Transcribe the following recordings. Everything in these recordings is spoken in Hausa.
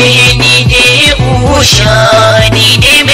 ni dai usha ni dai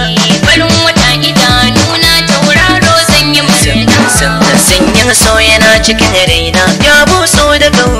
sun sun yin so yana cikin raina ya buso daga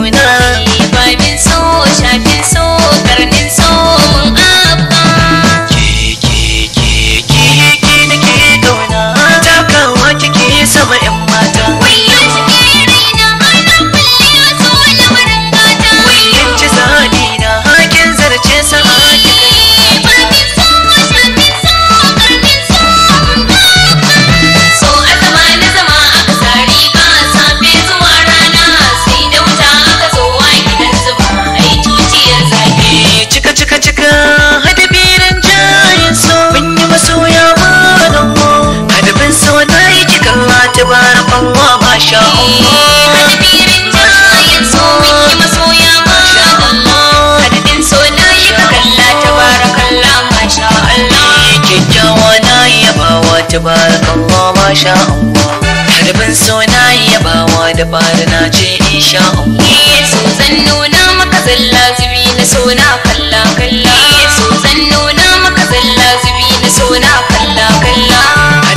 na anguwa da ban so na yabawa da fara na ce insha Allah ni so zan nuna maka zalla zubi na so kalla kalla ni so zan nuna maka zalla zubi na so kalla kalla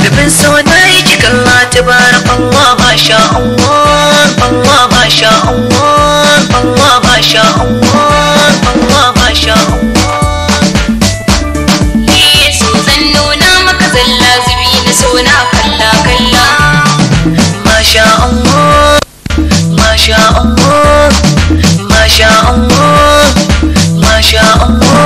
da ban so na yi cikin Allah tabarak Allah ma sha Allah Allah ma sha Allah Allah ma sha Allah Masha Allah, Masha Allah, Masha Allah.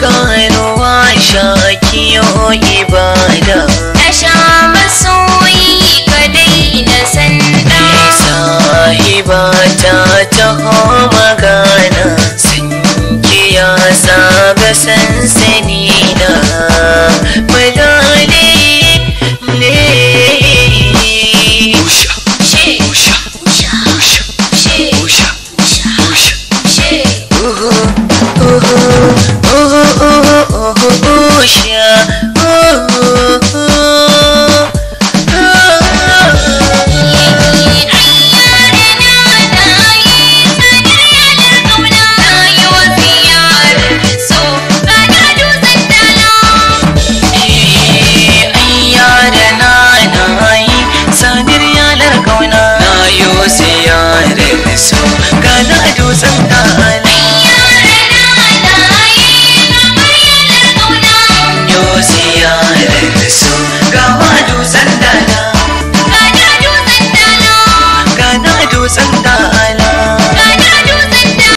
karuwa shakiyo ibada a sha masoyi kadai na sanda sahiba ta taho magana sun kiya saga sansani na